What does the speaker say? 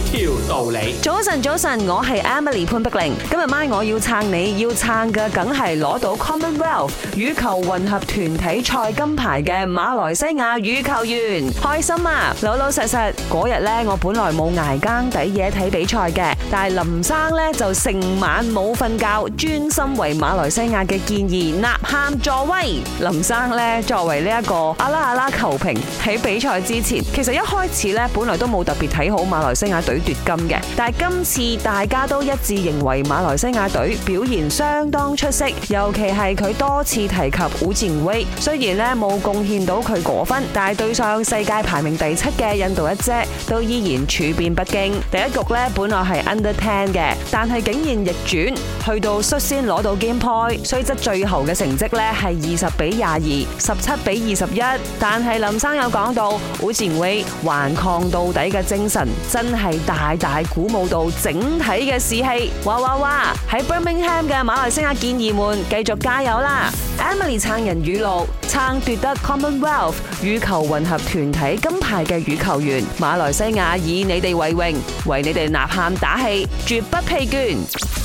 條道理。早晨，早晨，我係 Emily 潘碧玲。今日晚我要撐你，要撐嘅梗係攞到 Commonwealth 羽球混合團體賽金牌嘅馬來西亞羽球員。開心啊！老老實實嗰日呢，我本來冇挨更抵夜睇比賽嘅，但係林生呢就成晚冇瞓覺，專心為馬來西亞嘅健兒吶喊助威。林生呢，作為呢、這、一個阿拉阿拉球評，喺比賽之前，其實一開始呢，本來都冇特別睇好馬來西亞。隊奪金嘅，但係今次大家都一致認為馬來西亞隊表現相當出色，尤其係佢多次提及古戰威」。雖然咧冇貢獻到佢果分，但係對上世界排名第七嘅印度一姐，都依然處變不驚。第一局呢，本來係 under ten 嘅，但係竟然逆轉。去到率先攞到 game point 雖則最後嘅成績咧係二十比廿二、十七比二十一。但係林生有講到，會前會頑抗到底嘅精神，真係大大鼓舞到整體嘅士氣。哇哇哇！喺 Birmingham 嘅馬來西亞健兒們，繼續加油啦！Emily 撐人語錄：撐奪得 Commonwealth 羽球混合團體金牌嘅羽球員，馬來西亞以你哋為榮，為你哋吶喊打氣，絕不疲倦。